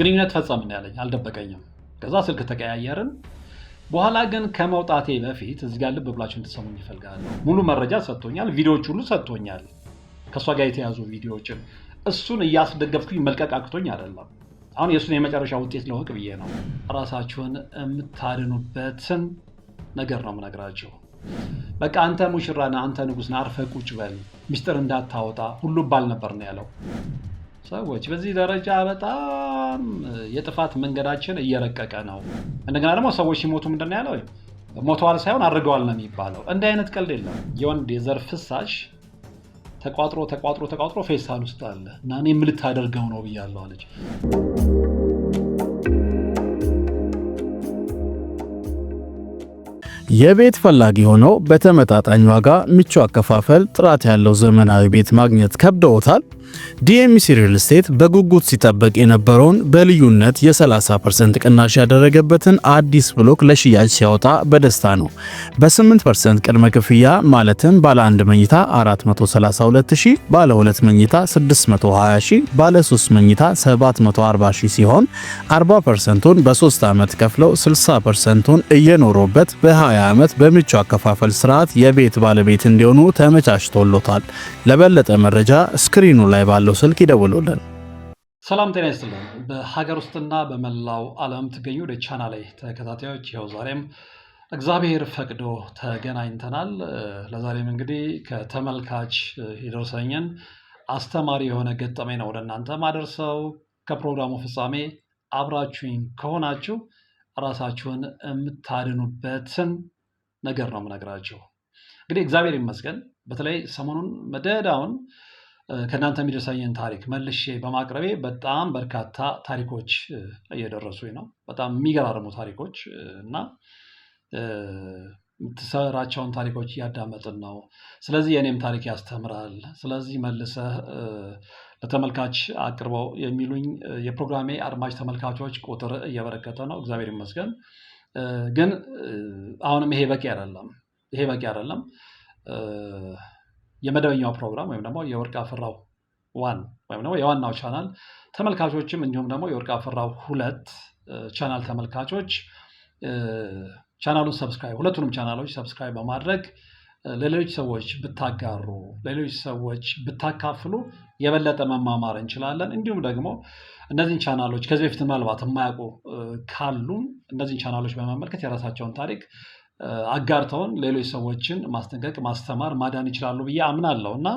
ግንኙነት ፈጸምን ያለኝ አልደበቀኝም። ከዛ ስልክ ተቀያየርን። በኋላ ግን ከመውጣቴ በፊት እዚህ ጋር ልብ ብላችሁ እንድትሰሙኝ ይፈልጋል። ሙሉ መረጃ ሰጥቶኛል። ቪዲዮዎች ሁሉ ሰጥቶኛል። ከእሷ ጋር የተያዙ ቪዲዮዎችን እሱን እያስደገፍኩኝ መልቀቅ አቅቶኝ አይደለም። አሁን የእሱን የመጨረሻ ውጤት ለወቅ ብዬ ነው። ራሳችሁን የምታድኑበትን ነገር ነው የምነግራችሁ። በቃ አንተ ሙሽራና አንተ ንጉሥና አርፈ ቁጭ በል ሚስጥር እንዳታወጣ ሁሉ ባል ነበር ነው ያለው። ሰዎች በዚህ ደረጃ በጣም የጥፋት መንገዳችን እየረቀቀ ነው። እንደገና ደግሞ ሰዎች ሲሞቱ ምንድን ነው ያለው? ሞተዋል ሳይሆን አድርገዋል ነው የሚባለው። እንዲህ አይነት ቀልድ የለም። የወንድ የዘር ፍሳሽ ተቋጥሮ ተቋጥሮ ተቋጥሮ ፌሳን ውስጥ አለ እና እኔ ልታደርገው ነው ብያለሁ አለች። የቤት ፈላጊ ሆነው በተመጣጣኝ ዋጋ ምቹ አከፋፈል፣ ጥራት ያለው ዘመናዊ ቤት ማግኘት ከብደውታል። ዲኤምሲ ሪል ስቴት በጉጉት ሲጠበቅ የነበረውን በልዩነት የ30% ቅናሽ ያደረገበትን አዲስ ብሎክ ለሽያጭ ሲያወጣ በደስታ ነው። በ8% ቅድመ ክፍያ ማለትም ባለ 1 መኝታ 432000፣ ባለ 2 መኝታ 620000፣ ባለ 3 መኝታ 740000 ሲሆን 40%ን በ3 ዓመት ከፍለው 60%ቱን እየኖሩበት በ20 ዓመት በምቹ አከፋፈል ስርዓት የቤት ባለቤት እንዲሆኑ ተመቻችቶሎታል። ለበለጠ መረጃ ስክሪኑ ላይ ላይ ባለው ስልክ ይደውሉልን። ሰላም ጤና ይስጥልን። በሀገር ውስጥና በመላው ዓለም ትገኙ ወደ ላይ ተከታታዮች ይኸው ዛሬም እግዚአብሔር ፈቅዶ ተገናኝተናል። ለዛሬም እንግዲህ ከተመልካች የደረሰኝን አስተማሪ የሆነ ገጠመኝ ነው ወደ እናንተ ማደርሰው። ከፕሮግራሙ ፍጻሜ አብራችሁኝ ከሆናችሁ ራሳችሁን የምታድኑበትን ነገር ነው የምነግራችሁ። እንግዲህ እግዚአብሔር ይመስገን በተለይ ሰሞኑን መደዳውን ከእናንተ የሚደርሰኝን ታሪክ መልሼ በማቅረቤ በጣም በርካታ ታሪኮች እየደረሱኝ ነው። በጣም የሚገራርሙ ታሪኮች እና የምትሰራቸውን ታሪኮች እያዳመጥን ነው። ስለዚህ የእኔም ታሪክ ያስተምራል፣ ስለዚህ መልሰህ ለተመልካች አቅርበው የሚሉኝ የፕሮግራሜ አድማጭ ተመልካቾች ቁጥር እየበረከተ ነው። እግዚአብሔር ይመስገን። ግን አሁንም ይሄ በቂ አይደለም። ይሄ በቂ አይደለም። የመደበኛው ፕሮግራም ወይም ደግሞ የወርቅ አፈራው ዋን ወይም ደግሞ የዋናው ቻናል ተመልካቾችም እንዲሁም ደግሞ የወርቅ አፈራው ሁለት ቻናል ተመልካቾች ቻናሉን ሰብስክራይብ ሁለቱንም ቻናሎች ሰብስክራይብ በማድረግ ለሌሎች ሰዎች ብታጋሩ ለሌሎች ሰዎች ብታካፍሉ የበለጠ መማማር እንችላለን። እንዲሁም ደግሞ እነዚህን ቻናሎች ከዚህ በፊት ምናልባት የማያውቁ ካሉም እነዚህን ቻናሎች በመመልከት የራሳቸውን ታሪክ አጋርተውን ሌሎች ሰዎችን ማስጠንቀቅ፣ ማስተማር፣ ማዳን ይችላሉ ብዬ አምናለሁ እና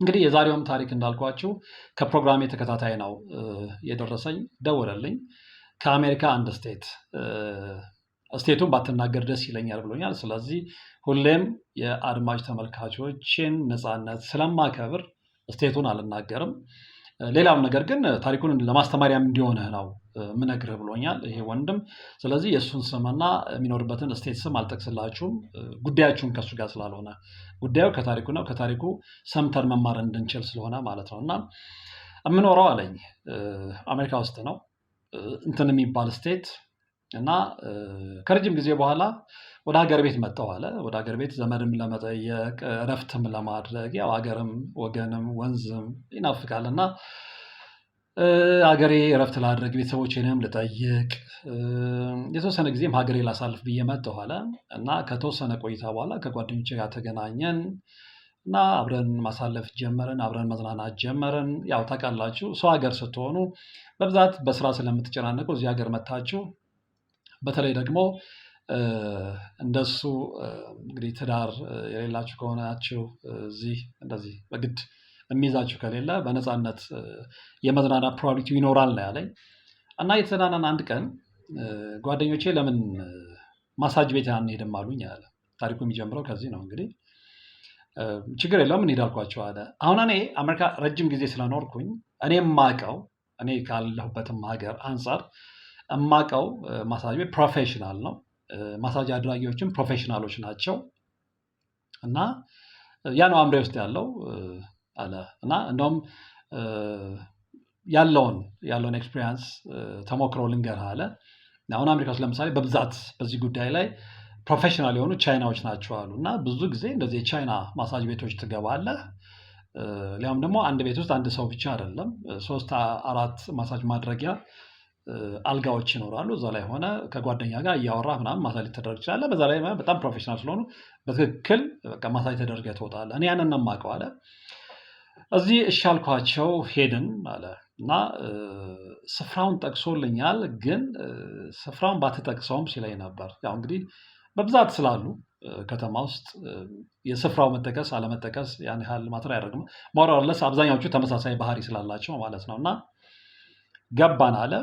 እንግዲህ የዛሬውም ታሪክ እንዳልኳችሁ ከፕሮግራሜ ተከታታይ ነው የደረሰኝ። ደወለልኝ ከአሜሪካ አንድ ስቴት ስቴቱን ባትናገር ደስ ይለኛል ብሎኛል። ስለዚህ ሁሌም የአድማጭ ተመልካቾችን ነፃነት ስለማከብር ስቴቱን አልናገርም። ሌላም ነገር ግን ታሪኩን ለማስተማሪያም እንዲሆንህ ነው ምነግርህ ብሎኛል ይሄ ወንድም። ስለዚህ የእሱን ስምና የሚኖርበትን ስቴት ስም አልጠቅስላችሁም ጉዳያችሁን ከእሱ ጋር ስላልሆነ ጉዳዩ ከታሪኩ ነው። ከታሪኩ ሰምተን መማር እንድንችል ስለሆነ ማለት ነው። እና የምኖረው አለኝ አሜሪካ ውስጥ ነው እንትን የሚባል ስቴት እና ከረጅም ጊዜ በኋላ ወደ ሀገር ቤት መጠው አለ። ወደ ሀገር ቤት ዘመድም ለመጠየቅ እረፍትም ለማድረግ ያው ሀገርም ወገንም ወንዝም ይናፍቃል እና አገሬ እረፍት ላድረግ ቤተሰቦቼንም ልጠይቅ፣ የተወሰነ ጊዜም ሀገሬ ላሳልፍ ብዬ መጣሁ አለ እና ከተወሰነ ቆይታ በኋላ ከጓደኞች ጋር ተገናኘን እና አብረን ማሳለፍ ጀመረን አብረን መዝናናት ጀመረን ያው ታውቃላችሁ ሰው ሀገር ስትሆኑ በብዛት በስራ ስለምትጨናነቁ እዚህ ሀገር መታችሁ በተለይ ደግሞ እንደሱ እንግዲህ ትዳር የሌላችሁ ከሆናችሁ እዚህ እንደዚህ በግድ የሚይዛችሁ ከሌለ በነፃነት የመዝናናት ፕሮባቢሊቲ ይኖራል ነው ያለኝ። እና የተዝናናን አንድ ቀን ጓደኞቼ ለምን ማሳጅ ቤት አንሄድም አሉኝ አለ። ታሪኩ የሚጀምረው ከዚህ ነው እንግዲህ። ችግር የለውም እንሂድ አለ። አሁን እኔ አሜሪካ ረጅም ጊዜ ስለኖርኩኝ እኔ የማቀው እኔ ካለሁበትም ሀገር አንጻር የማቀው ማሳጅ ቤት ፕሮፌሽናል ነው። ማሳጅ አድራጊዎችም ፕሮፌሽናሎች ናቸው። እና ያ ነው አምሬ ውስጥ ያለው። አለ እና እንደውም ያለውን ያለውን ኤክስፔሪንስ ተሞክሮ ልንገር አለ። አሁን አሜሪካ ውስጥ ለምሳሌ በብዛት በዚህ ጉዳይ ላይ ፕሮፌሽናል የሆኑ ቻይናዎች ናቸው አሉ እና ብዙ ጊዜ እንደዚህ የቻይና ማሳጅ ቤቶች ትገባለ ሊያውም ደግሞ አንድ ቤት ውስጥ አንድ ሰው ብቻ አይደለም፣ ሶስት አራት ማሳጅ ማድረጊያ አልጋዎች ይኖራሉ። እዛ ላይ ሆነ ከጓደኛ ጋር እያወራ ምናምን ማሳጅ ተደረግ ይችላለ በዛ ላይ በጣም ፕሮፌሽናል ስለሆኑ በትክክል ማሳጅ ተደርገ ትወጣለህ። እኔ ያንን ነው አለ እዚህ እሻልኳቸው ሄድን አለ እና ስፍራውን ጠቅሶልኛል፣ ግን ስፍራውን ባትጠቅሰውም ሲላይ ነበር። ያው እንግዲህ በብዛት ስላሉ ከተማ ውስጥ የስፍራው መጠቀስ አለመጠቀስ ያን ያህል ማተር አያደርግም። ሞራለስ አብዛኛዎቹ ተመሳሳይ ባህሪ ስላላቸው ማለት ነው። እና ገባን አለ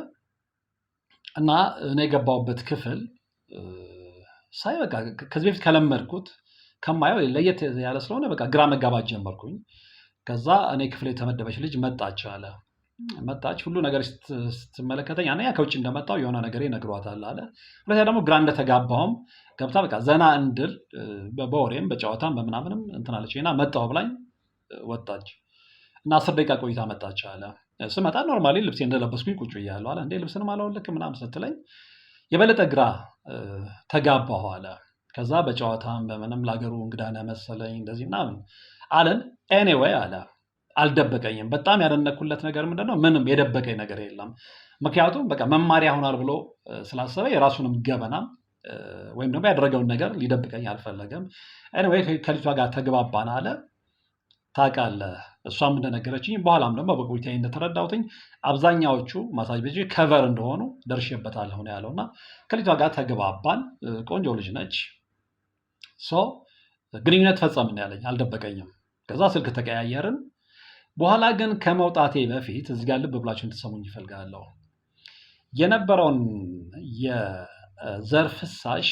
እና እኔ የገባውበት ክፍል ሳይ በቃ ከዚህ በፊት ከለመድኩት ከማየው ለየት ያለ ስለሆነ በቃ ግራ መጋባት ጀመርኩኝ። ከዛ እኔ ክፍል የተመደበች ልጅ መጣች አለ። መጣች ሁሉ ነገር ስትመለከተኝ አንደኛ ከውጭ እንደመጣው የሆነ ነገር ነግሯታል አለ። ሁለተኛ ደግሞ ግራ እንደተጋባውም ገብታ በቃ ዘና እንድል በወሬም በጨዋታም በምናምንም እንትናለች ና መጣው ብላኝ ወጣች እና አስር ደቂቃ ቆይታ መጣች አለ። ስመጣ ኖርማሊ ልብስ እንደለበስኩኝ ቁጭ እያለሁ አለ። እንዴ ልብስንም አላወለክም ምናም ስትለኝ የበለጠ ግራ ተጋባሁ አለ። ከዛ በጨዋታም በምንም ለሀገሩ እንግዳ ነህ መሰለኝ እንደዚህ ምናምን አለን። ኤኒዌይ አለ አልደበቀኝም። በጣም ያደነኩለት ነገር ምንድነው? ምንም የደበቀኝ ነገር የለም። ምክንያቱም በቃ መማሪያ ሆናል ብሎ ስላሰበ የራሱንም ገበና ወይም ደግሞ ያደረገውን ነገር ሊደብቀኝ አልፈለገም። ኤኒዌይ ከልጇ ጋር ተግባባን አለ። ታውቃለህ እሷም እንደነገረችኝ በኋላም ደግሞ በቆይታ እንደተረዳሁትኝ አብዛኛዎቹ ማሳጅ ቤቶች ከቨር እንደሆኑ ደርሼበታለሁ ነው ያለው እና ከልጇ ጋር ተግባባን። ቆንጆ ልጅ ነች። ግንኙነት ፈጸምን ያለኝ አልደበቀኝም። ከዛ ስልክ ተቀያየርን። በኋላ ግን ከመውጣቴ በፊት እዚጋ ልብ ብላችሁ እንድትሰሙኝ ይፈልጋለሁ። የነበረውን የዘር ፍሳሽ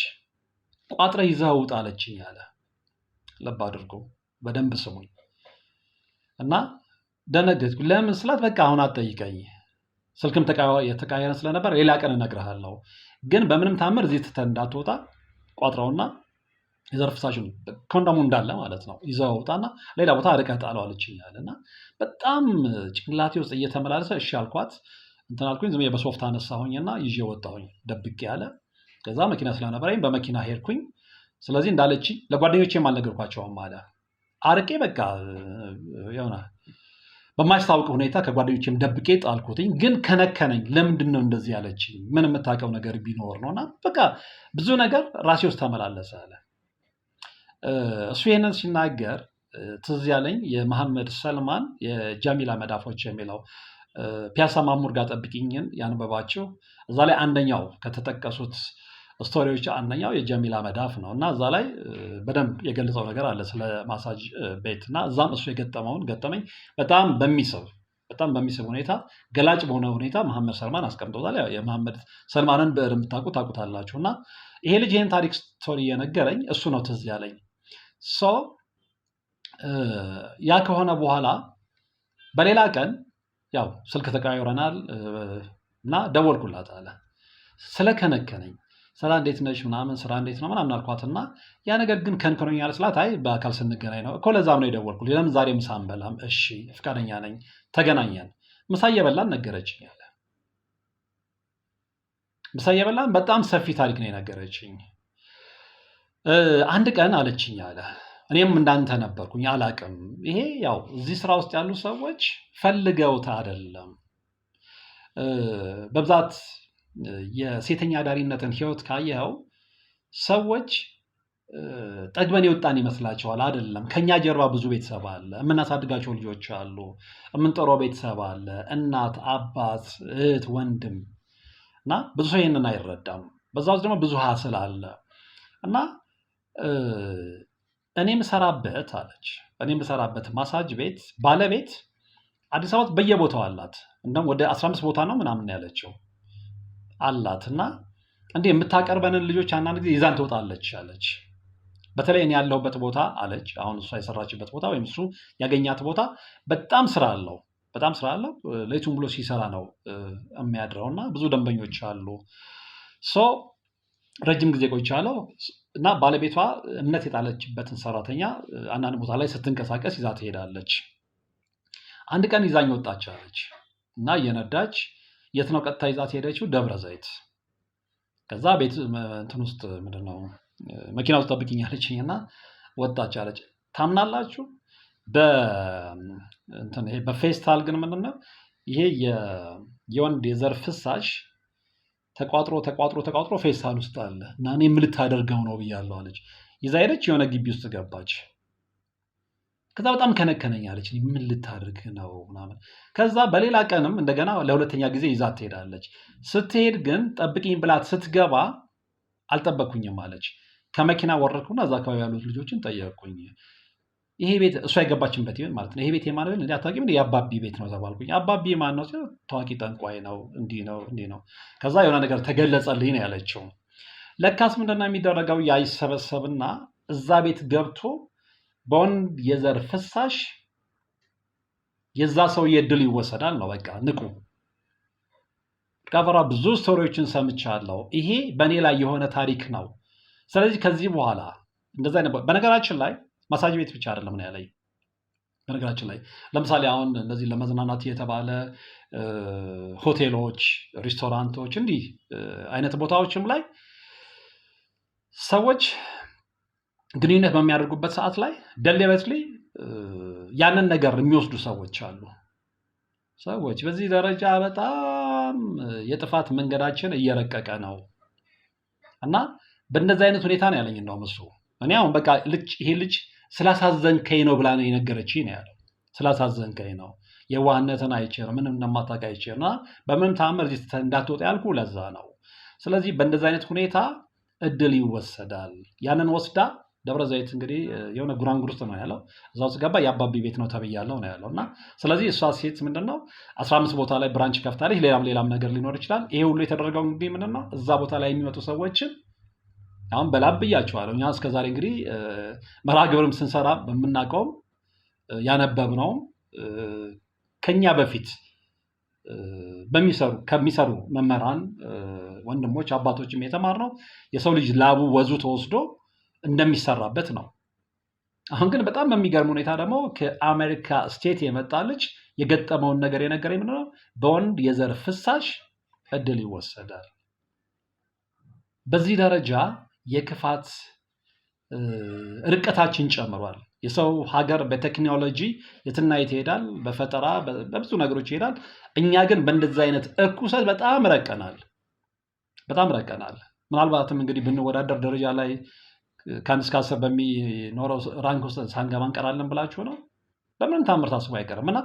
ቋጥረ ይዘህ ውጣ አለችኝ አለ። ልብ አድርጎ በደንብ ስሙኝ እና ደነገጥኩ። ለምን ስላት በቃ አሁን አጠይቀኝ ስልክም የተቀያየረን ስለነበር ሌላ ቀን እነግርሃለሁ፣ ግን በምንም ታምር እዚህ ትተ እንዳትወጣ ቋጥረውና የዘር ፍሳሹን ኮንዶሙ እንዳለ ማለት ነው ይዘው አውጣና ሌላ ቦታ አድርጋ ጣለው አለችኛል። እና በጣም ጭንቅላቴ ውስጥ እየተመላለሰ እሺ አልኳት። እንትን አልኩኝ ዝም በሶፍት አነሳሁኝ እና ይዤ ወጣሁኝ ደብቄ ያለ። ከዛ መኪና ስለነበረኝ በመኪና ሄድኩኝ። ስለዚህ እንዳለች ለጓደኞች አልነገርኳቸውም አለ አርቄ በቃ የሆነ በማያስታውቅ ሁኔታ ከጓደኞቼም ደብቄ ጣልኩትኝ። ግን ከነከነኝ። ለምንድን ነው እንደዚህ ያለች? ምን የምታውቀው ነገር ቢኖር ነው? እና በቃ ብዙ ነገር ራሴ ውስጥ ተመላለሰ አለ እሱ ይህንን ሲናገር ትዝ ያለኝ የመሐመድ ሰልማን የጃሚላ መዳፎች የሚለው ፒያሳ ማሙር ጋር ጠብቂኝን ያንበባችው እዛ ላይ አንደኛው ከተጠቀሱት ስቶሪዎች አንደኛው የጀሚላ መዳፍ ነው እና እዛ ላይ በደንብ የገለጸው ነገር አለ ስለ ማሳጅ ቤት እና እዛም እሱ የገጠመውን ገጠመኝ በጣም በሚስብ በጣም በሚስብ ሁኔታ ገላጭ በሆነ ሁኔታ መሐመድ ሰልማን አስቀምጦታል። የመሐመድ ሰልማንን ብዕር የምታውቁ ታውቁታላችሁ እና ይሄ ልጅ ይህን ታሪክ ስቶሪ የነገረኝ እሱ ነው ትዝ ያለኝ። ሰው ያ ከሆነ በኋላ በሌላ ቀን ያው ስልክ ተቀያይረናል እና ደወልኩላት አለ። ስለከነከነኝ ስራ እንዴት ነሽ ምናምን ስራ እንዴት ነው ምናምን አልኳት እና ያ ነገር ግን ከንክኖኛል ስላት አይ በአካል ስንገናኝ ነው እኮ ለዛም ነው የደወልኩ ለምን ዛሬ ምሳ አንበላም? እሺ ፍቃደኛ ነኝ፣ ተገናኘን። ምሳ እየበላን ነገረችኝ አለ። ምሳ እየበላን በጣም ሰፊ ታሪክ ነው የነገረችኝ። አንድ ቀን አለችኝ አለ። እኔም እንዳንተ ነበርኩኝ አላቅም። ይሄ ያው እዚህ ስራ ውስጥ ያሉ ሰዎች ፈልገውት አይደለም። በብዛት የሴተኛ አዳሪነትን ህይወት ካየኸው ሰዎች ጠግበን የወጣን ይመስላቸዋል። አይደለም። ከኛ ጀርባ ብዙ ቤተሰብ አለ። የምናሳድጋቸው ልጆች አሉ። የምንጠራው ቤተሰብ አለ። እናት፣ አባት፣ እህት፣ ወንድም እና ብዙ ሰው ይህንን አይረዳም። በዛ ውስጥ ደግሞ ብዙ ሀስል አለ እና እኔ ምሰራበት አለች እኔ ምሰራበት ማሳጅ ቤት ባለቤት አዲስ አበባ በየቦታው አላት። እንደውም ወደ 15 ቦታ ነው ምናምን ያለችው አላት እና እንዲህ የምታቀርበንን ልጆች አንዳንድ ጊዜ ይዛን ትወጣለች አለች። በተለይ እኔ ያለሁበት ቦታ አለች፣ አሁን እሷ የሰራችበት ቦታ ወይም እሱ ያገኛት ቦታ በጣም ስራ አለው፣ በጣም ስራ አለው። ሌቱን ብሎ ሲሰራ ነው የሚያድረው እና ብዙ ደንበኞች አሉ። ረጅም ጊዜ ቆይቻለሁ። እና ባለቤቷ እምነት የጣለችበትን ሰራተኛ አንዳንድ ቦታ ላይ ስትንቀሳቀስ ይዛ ትሄዳለች። አንድ ቀን ይዛኝ ወጣች አለች እና እየነዳች የት ነው ቀጥታ ይዛ ትሄደችው? ደብረ ዘይት። ከዛ ቤት እንትን ውስጥ ምንድን ነው መኪና ውስጥ ጠብቂኝ አለችኝ እና ወጣች አለች። ታምናላችሁ? በፌስታል ግን ምንድን ነው ይሄ የወንድ የዘር ፍሳሽ ተቋጥሮ ተቋጥሮ ተቋጥሮ ፌስታል ውስጥ አለ እና እኔ የምልታደርገው ነው ብያለሁ አለች። ይዛ ሄደች። የሆነ ግቢ ውስጥ ገባች። ከዛ በጣም ከነከነኝ አለች። ምን ልታደርግ ነው ምናምን። ከዛ በሌላ ቀንም እንደገና ለሁለተኛ ጊዜ ይዛ ትሄዳለች። ስትሄድ ግን ጠብቂኝ ብላት ስትገባ አልጠበኩኝም አለች። ከመኪና ወረድኩና እዛ አካባቢ ያሉት ልጆችን ጠየቅኩኝ። ይሄ ቤት እሱ አይገባችንበት ይሆን ማለት ነው። ይሄ ቤት የማን ቤት እንዲ አታውቂም? የአባቢ ቤት ነው ተባልኩኝ። አባቢ ማን ነው? ታዋቂ ጠንቋይ ነው፣ እንዲህ ነው፣ እንዲህ ነው። ከዛ የሆነ ነገር ተገለጸልኝ ነው ያለችው። ለካስ ምንድነው የሚደረገው? ያይሰበሰብና እዛ ቤት ገብቶ በወንድ የዘር ፍሳሽ የዛ ሰው የድል ይወሰዳል ነው በቃ። ንቁ ጋፈራ ብዙ ስቶሪዎችን ሰምቻለሁ። ይሄ በእኔ ላይ የሆነ ታሪክ ነው። ስለዚህ ከዚህ በኋላ እንደዛ በነገራችን ላይ ማሳጅ ቤት ብቻ አይደለም ነው ያለኝ። በነገራችን ላይ ለምሳሌ አሁን እነዚህ ለመዝናናት የተባለ ሆቴሎች፣ ሬስቶራንቶች እንዲህ አይነት ቦታዎችም ላይ ሰዎች ግንኙነት በሚያደርጉበት ሰዓት ላይ ደሌበትሊ ያንን ነገር የሚወስዱ ሰዎች አሉ። ሰዎች በዚህ ደረጃ በጣም የጥፋት መንገዳችን እየረቀቀ ነው እና በእንደዚህ አይነት ሁኔታ ነው ያለኝ። እንደውም እሱ እኔ አሁን በቃ ይሄ ልጅ ስላሳዘንከኝ ነው ብላ ነው የነገረች ነው ያለው። ስላሳዘንከኝ ነው የዋህነትን አይቼር ምንም እንደማታውቅ እና በምንም ተአምር እንዳትወጣ ያልኩ ለዛ ነው። ስለዚህ በእንደዚ አይነት ሁኔታ እድል ይወሰዳል። ያንን ወስዳ ደብረ ዘይት እንግዲህ የሆነ ጉራንጉር ውስጥ ነው ያለው። እዛ ውስጥ ገባ የአባቢ ቤት ነው ተብያለው ነው ያለው። እና ስለዚህ እሷ ሴት ምንድን ነው አስራ አምስት ቦታ ላይ ብራንች ከፍታለች። ሌላም ሌላም ነገር ሊኖር ይችላል። ይሄ ሁሉ የተደረገው እንግዲህ ምንድን ነው እዛ ቦታ ላይ የሚመጡ ሰዎችን አሁን በላብ ብያቸዋለሁ። እኛ እስከዛሬ እንግዲህ መርሃ ግብርም ስንሰራ በምናውቀውም ያነበብነውም ከኛ በፊት በሚሰሩ ከሚሰሩ መምህራን ወንድሞች አባቶችም የተማርነው የሰው ልጅ ላቡ ወዙ ተወስዶ እንደሚሰራበት ነው። አሁን ግን በጣም በሚገርም ሁኔታ ደግሞ ከአሜሪካ ስቴት የመጣ ልጅ የገጠመውን ነገር የነገረ የምንለው በወንድ የዘር ፍሳሽ እድል ይወሰዳል። በዚህ ደረጃ የክፋት ርቀታችን ጨምሯል። የሰው ሀገር በቴክኖሎጂ የትናየት ይሄዳል፣ በፈጠራ በብዙ ነገሮች ይሄዳል። እኛ ግን በእንደዚህ አይነት እኩሰት በጣም ረቀናል፣ በጣም ረቀናል። ምናልባትም እንግዲህ ብንወዳደር ደረጃ ላይ ከአንድ እስከ አስር በሚኖረው ራንክ ውስጥ ሳንገባ እንቀራለን ብላችሁ ነው? በምንም ታምር አይቀርም። እና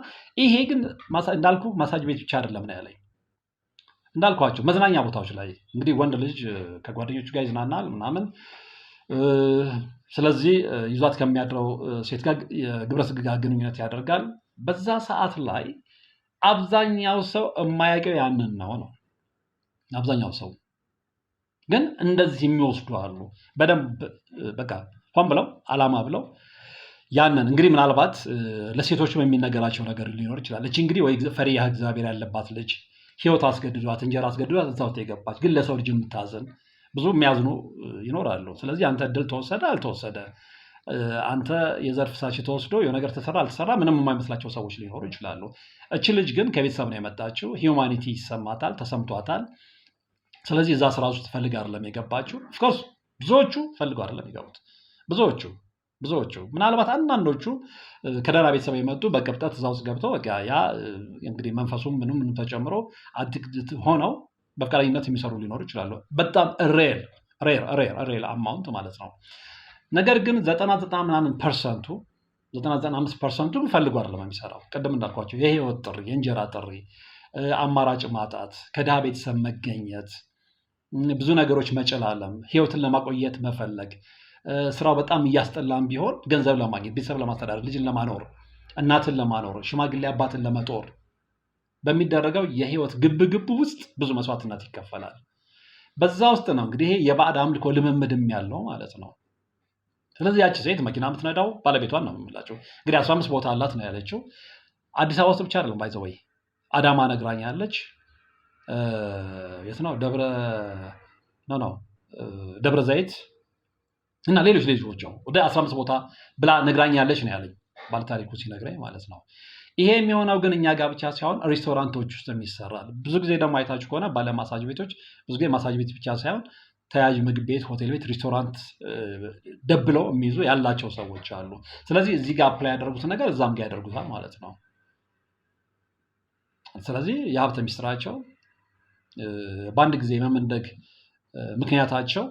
ይሄ ግን እንዳልኩ ማሳጅ ቤት ብቻ አይደለም ነው ያለኝ እንዳልኳቸው መዝናኛ ቦታዎች ላይ እንግዲህ ወንድ ልጅ ከጓደኞቹ ጋር ይዝናናል ምናምን። ስለዚህ ይዟት ከሚያድረው ሴት ጋር የግብረ ስጋ ግንኙነት ያደርጋል። በዛ ሰዓት ላይ አብዛኛው ሰው የማያውቀው ያንን ነው ነው አብዛኛው ሰው ግን እንደዚህ የሚወስዱ አሉ። በደንብ በቃ ሆን ብለው አላማ ብለው ያንን እንግዲህ ምናልባት ለሴቶችም የሚነገራቸው ነገር ሊኖር ይችላል። እች እንግዲህ ወይ ፈሪያ እግዚአብሔር ያለባት ልጅ ህይወት አስገድዷት እንጀራ አስገድዷት እዛ ውስጥ የገባች ግን ለሰው ልጅ የምታዘን ብዙ የሚያዝኑ ይኖራሉ። ስለዚህ አንተ እድል ተወሰደ አልተወሰደ፣ አንተ የዘር ፍሳሽ ተወስዶ የሆነ ነገር ተሰራ አልተሰራ ምንም የማይመስላቸው ሰዎች ሊኖሩ ይችላሉ። እች ልጅ ግን ከቤተሰብ ነው የመጣችው። ሂውማኒቲ ይሰማታል፣ ተሰምቷታል። ስለዚህ እዛ ስራ ውስጥ ፈልግ አይደለም የገባችው። ኦፍኮርስ ብዙዎቹ ፈልገው አይደለም የገቡት ብዙዎቹ ብዙዎቹ ምናልባት አንዳንዶቹ ከደህና ቤተሰብ የመጡ በቅብጠት እዛ ውስጥ ገብተው ያ እንግዲህ መንፈሱም ምንም ምንም ተጨምሮ አዲክት ሆነው በፈቃደኝነት የሚሰሩ ሊኖሩ ይችላሉ። በጣም ሬር ሬር ሬር ሬር አማውንት ማለት ነው። ነገር ግን ዘጠና ዘጠና ምናምን ፐርሰንቱ ዘጠና ዘጠና አምስት ፐርሰንቱ ፈልጎ አይደለም የሚሰራው። ቅድም እንዳልኳቸው የህይወት ጥሪ፣ የእንጀራ ጥሪ፣ አማራጭ ማጣት፣ ከድሃ ቤተሰብ መገኘት፣ ብዙ ነገሮች መጨላለም፣ ህይወትን ለማቆየት መፈለግ ስራው በጣም እያስጠላም ቢሆን ገንዘብ ለማግኘት ቤተሰብ ለማስተዳደር ልጅን ለማኖር እናትን ለማኖር ሽማግሌ አባትን ለመጦር በሚደረገው የህይወት ግብግብ ውስጥ ብዙ መስዋዕትነት ይከፈላል። በዛ ውስጥ ነው እንግዲህ ይሄ የባዕድ አምልኮ ልምምድም ያለው ማለት ነው። ስለዚህ ያቺ ሴት መኪና የምትነዳው ባለቤቷን ነው የምላቸው። እንግዲህ አስራ አምስት ቦታ አላት ነው ያለችው። አዲስ አበባ ውስጥ ብቻ አይደለም ባይዘወይ አዳማ ያለች የት ነው ደብረ ነው ነው ደብረ ዘይት እና ሌሎች ሌሎች ወደ አስራ አምስት ቦታ ብላ ነግራኛለች ነው ያለኝ ባለታሪኩ ሲነግረኝ ማለት ነው። ይሄ የሚሆነው ግን እኛ ጋር ብቻ ሳይሆን ሬስቶራንቶች ውስጥ ይሰራል። ብዙ ጊዜ ደግሞ አይታችሁ ከሆነ ባለ ማሳጅ ቤቶች ብዙ ጊዜ ማሳጅ ቤት ብቻ ሳይሆን ተያዥ ምግብ ቤት፣ ሆቴል ቤት፣ ሬስቶራንት ደብለው የሚይዙ ያላቸው ሰዎች አሉ። ስለዚህ እዚህ ጋር አፕላይ ያደረጉትን ነገር እዛም ጋር ያደርጉታል ማለት ነው። ስለዚህ የሀብት ሚስጥራቸው በአንድ ጊዜ መመንደግ ምክንያታቸው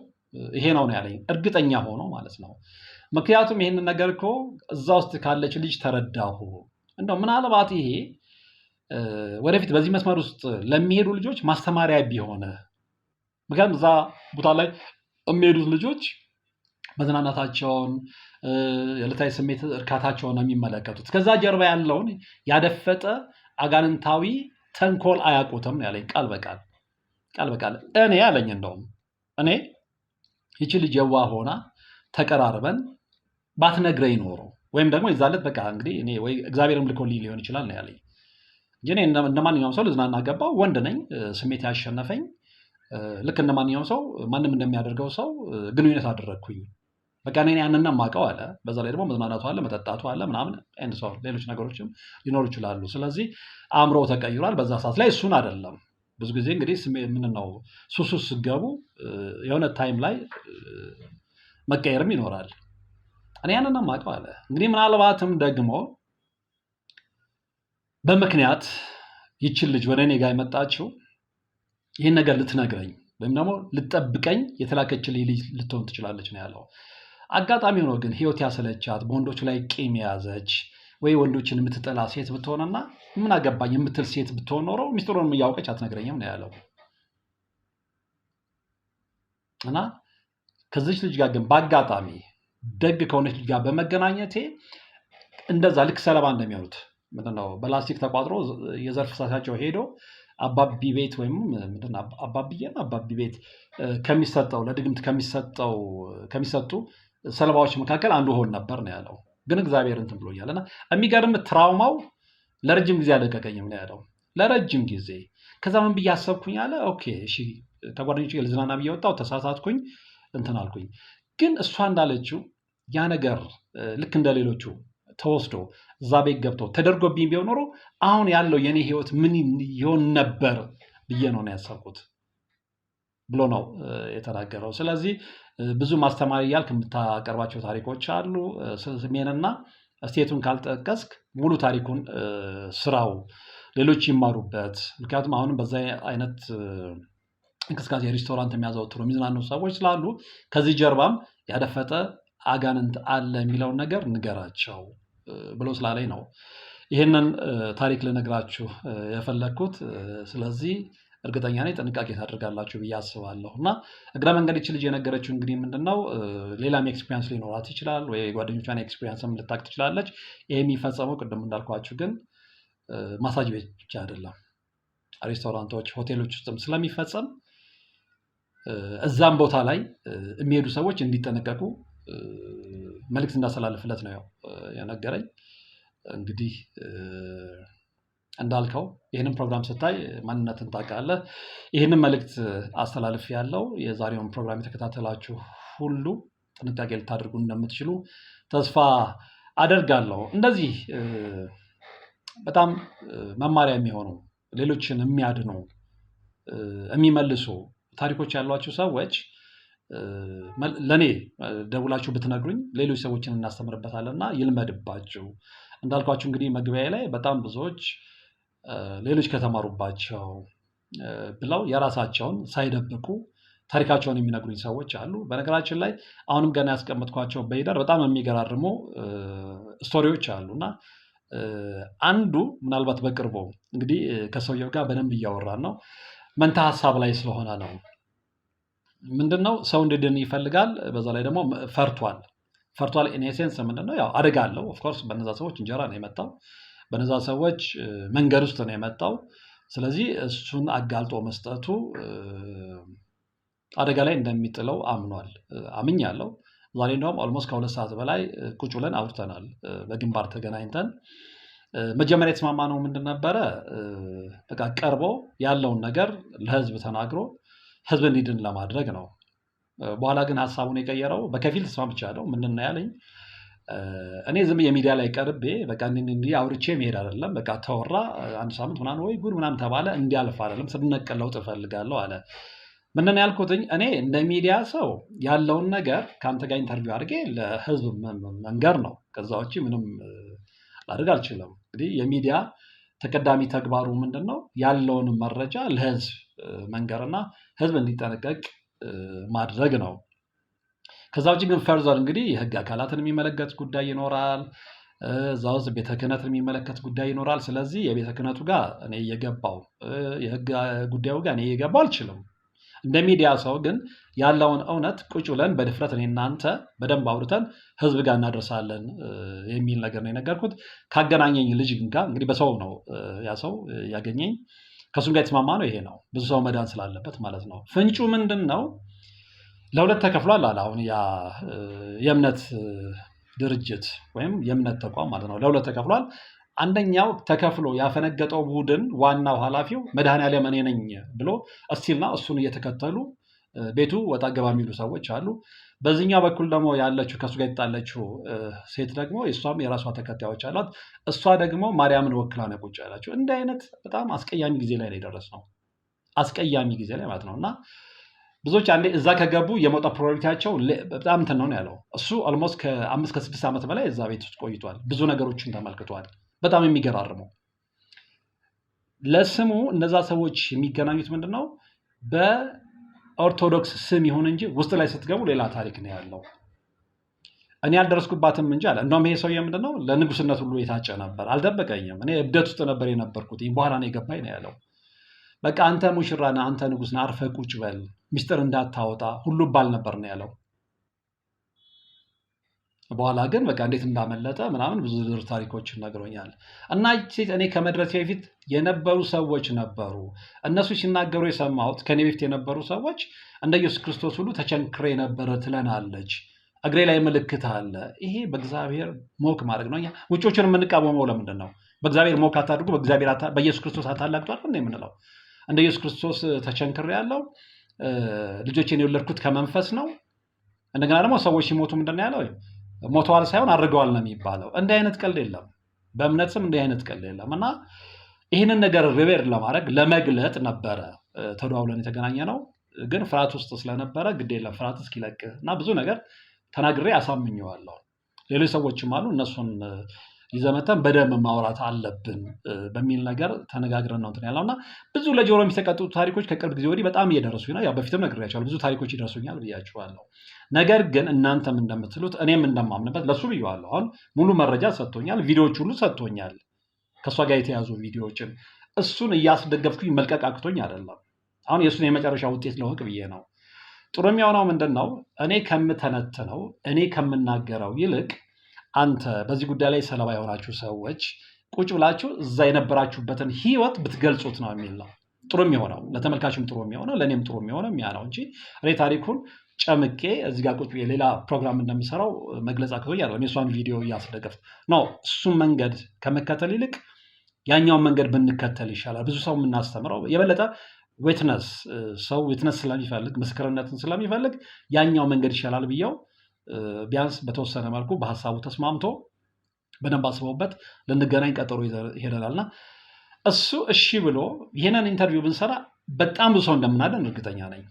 ይሄ ነው ነው ያለኝ እርግጠኛ ሆኖ ማለት ነው። ምክንያቱም ይህን ነገር እኮ እዛ ውስጥ ካለች ልጅ ተረዳሁ። እንደው ምናልባት ይሄ ወደፊት በዚህ መስመር ውስጥ ለሚሄዱ ልጆች ማስተማሪያ ቢሆነ ምክንያቱም እዛ ቦታ ላይ የሚሄዱት ልጆች መዝናናታቸውን የዕለታዊ ስሜት እርካታቸውን የሚመለከቱት። ከዛ ጀርባ ያለውን ያደፈጠ አጋንንታዊ ተንኮል አያውቁትም ያለኝ ቃል በቃል ቃል በቃል እኔ ያለኝ እንደውም እኔ ይቺ ልጅ የዋ ሆና ተቀራርበን ባትነግረኝ ኖሮ ወይም ደግሞ ይዛለት በቃ እንግዲህ እኔ ወይ እግዚአብሔርም ልኮልኝ ሊሆን ይችላል ነው ያለኝ እንጂ እኔ እንደ ማንኛውም ሰው ልዝናና ገባሁ። ወንድ ነኝ፣ ስሜት ያሸነፈኝ። ልክ እንደ ማንኛውም ሰው ማንም እንደሚያደርገው ሰው ግንኙነት አደረግኩኝ። በቃ እኔ ያንን ማቀው አለ። በዛ ላይ ደግሞ መዝናናቱ አለ፣ መጠጣቱ አለ፣ ምናምን ሌሎች ነገሮችም ሊኖሩ ይችላሉ። ስለዚህ አእምሮ ተቀይሯል። በዛ ሰዓት ላይ እሱን አይደለም ብዙ ጊዜ እንግዲህ ምን ነው ሱሱ ስገቡ የሆነ ታይም ላይ መቀየርም ይኖራል። እኔ ያንን ማቀው አለ እንግዲህ ምናልባትም ደግሞ በምክንያት ይችን ልጅ ወደ እኔ ጋር የመጣችው ይህን ነገር ልትነግረኝ ወይም ደግሞ ልጠብቀኝ የተላከች ልጅ ልትሆን ትችላለች ነው ያለው። አጋጣሚ ሆኖ ግን ህይወት ያሰለቻት፣ በወንዶች ላይ ቂም የያዘች ወይ ወንዶችን የምትጠላ ሴት ብትሆንና ምን አገባኝ የምትል ሴት ብትሆን ኖሮ ሚስጥሩንም እያወቀች አትነግረኝም ነው ያለው። እና ከዚች ልጅ ጋር ግን በአጋጣሚ ደግ ከሆነች ልጅ ጋር በመገናኘቴ እንደዛ ልክ ሰለባ እንደሚሆኑት ምንድነው በላስቲክ ተቋጥሮ የዘር ፍሳሻቸው ሄዶ አባቢ ቤት ወይም አባቢዬ አባቢ ቤት ከሚሰጠው ለድግምት ከሚሰጡ ሰለባዎች መካከል አንዱ ሆን ነበር ነው ያለው። ግን እግዚአብሔር እንትን ብሎኛል እና የሚገርም ትራውማው ለረጅም ጊዜ አለቀቀኝም ነው ያለው። ለረጅም ጊዜ ከዛ ምን ብዬ አሰብኩኝ አለ። ኦኬ እሺ፣ ተጓደኞች ልዝናና ብዬ ወጣሁ፣ ተሳሳትኩኝ፣ እንትን አልኩኝ። ግን እሷ እንዳለችው ያ ነገር ልክ እንደሌሎቹ ተወስዶ እዛ ቤት ገብተው ተደርጎብኝ ቢሆን ኖሮ አሁን ያለው የኔ ህይወት ምን ይሆን ነበር ብዬ ነው ነው ያሰብኩት። ብሎ ነው የተናገረው። ስለዚህ ብዙ ማስተማሪ እያልክ የምታቀርባቸው ታሪኮች አሉ። ስሜንና እስቴቱን ካልጠቀስክ ሙሉ ታሪኩን ስራው ሌሎች ይማሩበት። ምክንያቱም አሁንም በዛ አይነት እንቅስቃሴ ሬስቶራንት የሚያዘወትሩ የሚዝናኑ ሰዎች ስላሉ ከዚህ ጀርባም ያደፈጠ አጋንንት አለ የሚለውን ነገር ንገራቸው ብሎ ስላለኝ ነው ይህንን ታሪክ ልነግራችሁ የፈለግኩት። ስለዚህ እርግጠኛ ነኝ ጥንቃቄ ታደርጋላችሁ ብዬ አስባለሁ። እና እግረ መንገድ ይች ልጅ የነገረችው እንግዲህ ምንድነው ሌላም ኤክስፔሪንስ ሊኖራት ይችላል ወይ ጓደኞቿን ኤክስፔሪንስም ልታቅ ትችላለች። ይህ የሚፈጸመው ቅድም እንዳልኳችሁ ግን ማሳጅ ቤት ብቻ አይደለም፣ ሬስቶራንቶች፣ ሆቴሎች ውስጥም ስለሚፈጸም እዛም ቦታ ላይ የሚሄዱ ሰዎች እንዲጠነቀቁ መልክት እንዳስተላልፍለት ነው ያው የነገረኝ እንግዲህ እንዳልከው ይህንን ፕሮግራም ስታይ ማንነትን ታውቃለህ። ይህንን መልእክት አስተላልፍ ያለው የዛሬውን ፕሮግራም የተከታተላችሁ ሁሉ ጥንቃቄ ልታደርጉ እንደምትችሉ ተስፋ አደርጋለሁ። እንደዚህ በጣም መማሪያ የሚሆኑ ሌሎችን የሚያድኑ የሚመልሱ ታሪኮች ያሏችሁ ሰዎች ለእኔ ደውላችሁ ብትነግሩኝ ሌሎች ሰዎችን እናስተምርበታለን እና ይልመድባችሁ። እንዳልኳችሁ እንግዲህ መግቢያ ላይ በጣም ብዙዎች ሌሎች ከተማሩባቸው ብለው የራሳቸውን ሳይደብቁ ታሪካቸውን የሚነግሩኝ ሰዎች አሉ። በነገራችን ላይ አሁንም ገና ያስቀመጥኳቸው በይደር በጣም የሚገራርሙ ስቶሪዎች አሉ እና አንዱ ምናልባት በቅርቡ እንግዲህ ከሰውየው ጋር በደንብ እያወራን ነው። መንታ ሀሳብ ላይ ስለሆነ ነው። ምንድን ነው ሰው እንዲድን ይፈልጋል። በዛ ላይ ደግሞ ፈርቷል። ፈርቷል ኢን ምንድነው? ያው አደጋ አለው። ኦፍኮርስ በነዛ ሰዎች እንጀራ ነው የመጣው በነዛ ሰዎች መንገድ ውስጥ ነው የመጣው። ስለዚህ እሱን አጋልጦ መስጠቱ አደጋ ላይ እንደሚጥለው አምኗል፣ ያለው ዛሬ እንደውም ኦልሞስት ከሁለት ሰዓት በላይ ቁጭ ብለን አውርተናል። በግንባር ተገናኝተን መጀመሪያ የተስማማነው ነው ነበረ? በቃ ቀርቦ ያለውን ነገር ለህዝብ ተናግሮ ህዝብ እንዲድን ለማድረግ ነው። በኋላ ግን ሀሳቡን የቀየረው በከፊል ተስማምቻለሁ ምንድን ነው ያለኝ እኔ ዝም የሚዲያ ላይ ቀርቤ በቃ እንዲህ አውርቼ መሄድ አይደለም። በቃ ተወራ አንድ ሳምንት ምናምን ወይ ጉድ ምናምን ተባለ እንዲያልፍ አይደለም። ስንነቀል ለውጥ እፈልጋለሁ አለ። ምንን ያልኩትኝ እኔ እንደ ሚዲያ ሰው ያለውን ነገር ከአንተ ጋር ኢንተርቪው አድርጌ ለህዝብ መንገር ነው። ከዛ ውጭ ምንም ላድርግ አልችልም። እንግዲህ የሚዲያ ተቀዳሚ ተግባሩ ምንድን ነው? ያለውን መረጃ ለህዝብ መንገርና ህዝብ እንዲጠነቀቅ ማድረግ ነው። ከዛ ውጭ ግን ፈርዘር እንግዲህ የህግ አካላትን የሚመለከት ጉዳይ ይኖራል። እዛ ውስጥ ቤተ ክህነትን የሚመለከት ጉዳይ ይኖራል። ስለዚህ የቤተ ክህነቱ ጋር እኔ እየገባው የህግ ጉዳዩ ጋር እኔ እየገባው አልችልም። እንደ ሚዲያ ሰው ግን ያለውን እውነት ቁጭ ብለን በድፍረት እኔ እናንተ በደንብ አውርተን ህዝብ ጋር እናደርሳለን የሚል ነገር ነው የነገርኩት። ካገናኘኝ ልጅ ጋር እንግዲህ በሰው ነው ያ ሰው ያገኘኝ፣ ከእሱም ጋር የተስማማ ነው ይሄ ነው። ብዙ ሰው መዳን ስላለበት ማለት ነው። ፍንጩ ምንድን ነው? ለሁለት ተከፍሏል አለ አሁን ያ የእምነት ድርጅት ወይም የእምነት ተቋም ማለት ነው። ለሁለት ተከፍሏል። አንደኛው ተከፍሎ ያፈነገጠው ቡድን ዋናው ኃላፊው መድኃኔዓለም እኔ ነኝ ብሎ እስቲልና እሱን እየተከተሉ ቤቱ ወጣ ገባ የሚሉ ሰዎች አሉ። በዚህኛው በኩል ደግሞ ያለችው ከእሱ ጋር የጣለችው ሴት ደግሞ እሷም የራሷ ተከታዮች አሏት። እሷ ደግሞ ማርያምን ወክላ ነው ቁጭ ያላቸው። እንዲህ አይነት በጣም አስቀያሚ ጊዜ ላይ ነው የደረስነው። አስቀያሚ ጊዜ ላይ ማለት ነው እና ብዙዎች አንዴ እዛ ከገቡ የመጣ ፕራዮሪቲያቸው በጣም እንትን ነው ያለው። እሱ ኦልሞስት ከአምስት ከስድስት ዓመት በላይ እዛ ቤት ውስጥ ቆይቷል። ብዙ ነገሮችን ተመልክቷል። በጣም የሚገራርመው ለስሙ እነዛ ሰዎች የሚገናኙት ምንድን ነው በኦርቶዶክስ ስም ይሁን እንጂ ውስጥ ላይ ስትገቡ ሌላ ታሪክ ነው ያለው። እኔ አልደረስኩባትም እንጂ አለ። እንደውም ይሄ ሰውዬ ምንድን ነው ለንጉስነት ሁሉ የታጨ ነበር። አልደበቀኝም። እኔ እብደት ውስጥ ነበር የነበርኩት። በኋላ ነው የገባኝ ነው ያለው። በቃ አንተ ሙሽራና አንተ ንጉስና አርፈ ቁጭ በል፣ ሚስጥር እንዳታወጣ ሁሉ ባል ነበር ነው ያለው። በኋላ ግን በቃ እንዴት እንዳመለጠ ምናምን ብዙ ዝርዝር ታሪኮችን ነግሮኛል። እና ሴት እኔ ከመድረሴ በፊት የነበሩ ሰዎች ነበሩ። እነሱ ሲናገሩ የሰማሁት ከኔ በፊት የነበሩ ሰዎች እንደ ኢየሱስ ክርስቶስ ሁሉ ተቸንክሬ ነበረ ትለናለች። እግሬ ላይ ምልክት አለ። ይሄ በእግዚአብሔር ሞክ ማድረግ ነው። ውጮችን የምንቃወመው ለምንድን ነው? በእግዚአብሔር ሞክ አታድርጉ፣ በኢየሱስ ክርስቶስ አታላግጡ የምንለው እንደ ኢየሱስ ክርስቶስ ተቸንክር ያለው ልጆችን የወለድኩት ከመንፈስ ነው። እንደገና ደግሞ ሰዎች ሲሞቱ ምንድን ያለው? ሞተዋል ሳይሆን አድርገዋል ነው የሚባለው። እንዲህ አይነት ቀልድ የለም፣ በእምነትም እንዲህ አይነት ቀልድ የለም። እና ይህንን ነገር ሪቬር ለማድረግ ለመግለጥ ነበረ ተደዋውለን የተገናኘ ነው። ግን ፍርሃት ውስጥ ስለነበረ ግድ የለም ፍርሃት እስኪለቅ እና ብዙ ነገር ተናግሬ አሳምኘዋለሁ። ሌሎች ሰዎችም አሉ እነሱን ይዘመተን በደንብ ማውራት አለብን በሚል ነገር ተነጋግረን ነው እንትን ያለው እና ብዙ ለጆሮ የሚሰቀጡ ታሪኮች ከቅርብ ጊዜ ወዲህ በጣም እየደረሱ ነው። ያው በፊትም ነግሬያቸዋለሁ፣ ብዙ ታሪኮች ይደርሱኛል ብያቸዋለሁ። ነገር ግን እናንተም እንደምትሉት እኔም እንደማምንበት ለሱ ብየዋለሁ። አሁን ሙሉ መረጃ ሰጥቶኛል፣ ቪዲዮዎች ሁሉ ሰጥቶኛል፣ ከእሷ ጋር የተያዙ ቪዲዮዎችን። እሱን እያስደገፍኩኝ መልቀቅ አቅቶኝ አይደለም። አሁን የእሱን የመጨረሻ ውጤት ለወቅ ብዬ ነው። ጥሩ የሚሆነው ምንድን ነው? እኔ ከምተነትነው እኔ ከምናገረው ይልቅ አንተ በዚህ ጉዳይ ላይ ሰለባ የሆናችሁ ሰዎች ቁጭ ብላችሁ እዛ የነበራችሁበትን ህይወት ብትገልጹት ነው የሚል ነው። ጥሩ የሚሆነው ለተመልካችም ጥሩ የሚሆነው ለእኔም ጥሩ የሚሆነው ያ ነው እንጂ እኔ ታሪኩን ጨምቄ እዚህ ጋር ቁጭ የሌላ ፕሮግራም እንደምሰራው መግለጽ አቅቶኝ ያለ የእሷን ቪዲዮ እያስደገፍ ነው። እሱን መንገድ ከመከተል ይልቅ ያኛውን መንገድ ብንከተል ይሻላል። ብዙ ሰው የምናስተምረው የበለጠ ዊትነስ ሰው ዊትነስ ስለሚፈልግ ምስክርነትን ስለሚፈልግ ያኛው መንገድ ይሻላል ብዬው ቢያንስ በተወሰነ መልኩ በሀሳቡ ተስማምቶ በደንብ አስበውበት ልንገናኝ ቀጠሮ ይሄደናል እና እሱ እሺ ብሎ ይህንን ኢንተርቪው ብንሰራ በጣም ብዙ ሰው እንደምናደን እርግጠኛ ነኝ።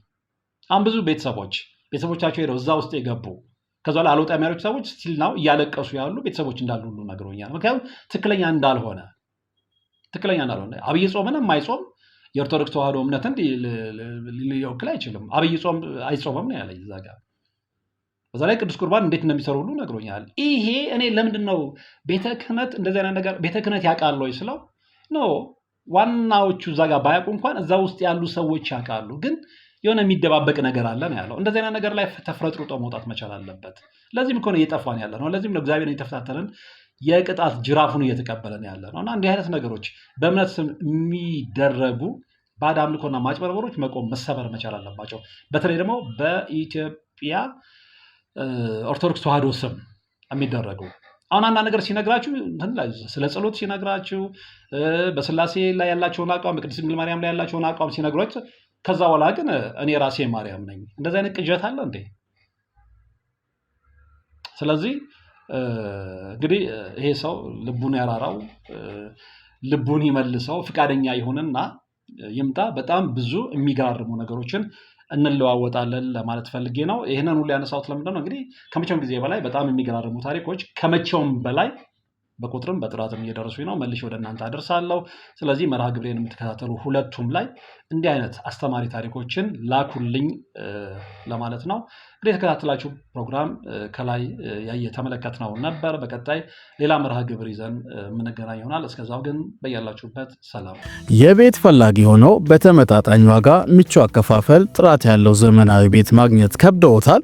አሁን ብዙ ቤተሰቦች ቤተሰቦቻቸው ሄደው እዛ ውስጥ የገቡ ከዛ ላይ አልወጣም ያሉት ሰዎች ስቲል ናው እያለቀሱ ያሉ ቤተሰቦች እንዳሉ ሁሉ ነግሮኛል። ምክንያቱም ትክክለኛ እንዳልሆነ ትክክለኛ እንዳልሆነ አብይ ጾምን የማይጾም የኦርቶዶክስ ተዋህዶ እምነትን ሊወክል አይችልም። አብይ ጾም አይጾምም ነው ያለኝ እዛ ጋር በዛ ላይ ቅዱስ ቁርባን እንዴት እንደሚሰሩ ሁሉ ነግሮኛል። ይሄ እኔ ለምንድን ነው ቤተ ክህነት እንደዚህ አይነት ነገር ቤተ ክህነት ያውቃል ወይ ስለው ኖ ዋናዎቹ እዛ ጋር ባያውቁ እንኳን እዛ ውስጥ ያሉ ሰዎች ያውቃሉ፣ ግን የሆነ የሚደባበቅ ነገር አለ ነው ያለው። እንደዚህ አይነት ነገር ላይ ተፍረጥርጦ መውጣት መቻል አለበት። ለዚህም ከሆነ እየጠፋን ያለ ነው። ለዚህም ነው እግዚአብሔር እየተፈታተንን የቅጣት ጅራፉን እየተቀበለን ያለ ነው እና እንዲህ አይነት ነገሮች በእምነት ስም የሚደረጉ ባዕድ አምልኮና ማጭበርበሮች መቆም መሰበር መቻል አለባቸው። በተለይ ደግሞ በኢትዮጵያ ኦርቶዶክስ ተዋህዶ ስም የሚደረገው አሁን አንዳንድ ነገር ሲነግራችሁ ስለ ጸሎት ሲነግራችሁ በስላሴ ላይ ያላቸውን አቋም በቅድስት ድንግል ማርያም ላይ ያላቸውን አቋም ሲነግሯች ከዛ በኋላ ግን እኔ ራሴ ማርያም ነኝ እንደዚህ አይነት ቅጀት አለ እንዴ? ስለዚህ እንግዲህ ይሄ ሰው ልቡን ያራራው ልቡን ይመልሰው፣ ፍቃደኛ ይሁንና ይምጣ። በጣም ብዙ የሚገራርሙ ነገሮችን እንለዋወጣለን ለማለት ፈልጌ ነው። ይህንን ሁሉ ያነሳሁት ለምንድን ነው እንግዲህ ከመቼውም ጊዜ በላይ በጣም የሚገራርሙ ታሪኮች ከመቼውም በላይ በቁጥርም በጥራትም እየደረሱ ነው። መልሼ ወደ እናንተ አደርሳለሁ። ስለዚህ መርሃ ግብሬን የምትከታተሉ ሁለቱም ላይ እንዲህ አይነት አስተማሪ ታሪኮችን ላኩልኝ ለማለት ነው። እንግዲህ ፕሮግራም ከላይ የተመለከትነው ነበር። በቀጣይ ሌላ መርሃ ግብር ይዘን የምንገናኝ ይሆናል። እስከዛው ግን በያላችሁበት ሰላም። የቤት ፈላጊ ሆነው በተመጣጣኝ ዋጋ ምቹ አከፋፈል፣ ጥራት ያለው ዘመናዊ ቤት ማግኘት ከብደውታል።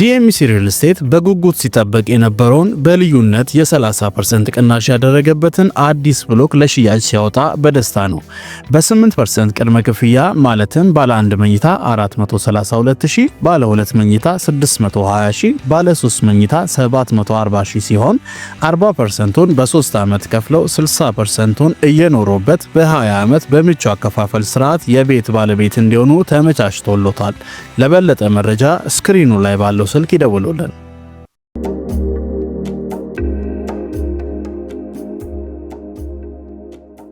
ዲኤምሲ ሪል ስቴት በጉጉት ሲጠበቅ የነበረውን በልዩነት የ30 ፐርሰንት ቅናሽ ያደረገበትን አዲስ ብሎክ ለሽያጭ ሲያወጣ በደስታ ነው። በ8 ፐርሰንት ቅድመ ክፍያ ማለትም ባለ 1 መኝታ 432 ባለ 2 መኝታ መኝታ 620 ባለ 3 መኝታ 740 ሲሆን 40%ቱን በ3 ዓመት ከፍለው 60%ቱን እየኖሩበት በ20 ዓመት በምቹ አከፋፈል ስርዓት የቤት ባለቤት እንዲሆኑ ተመቻችቶሎታል። ለበለጠ መረጃ ስክሪኑ ላይ ባለው ስልክ ይደውሉልን።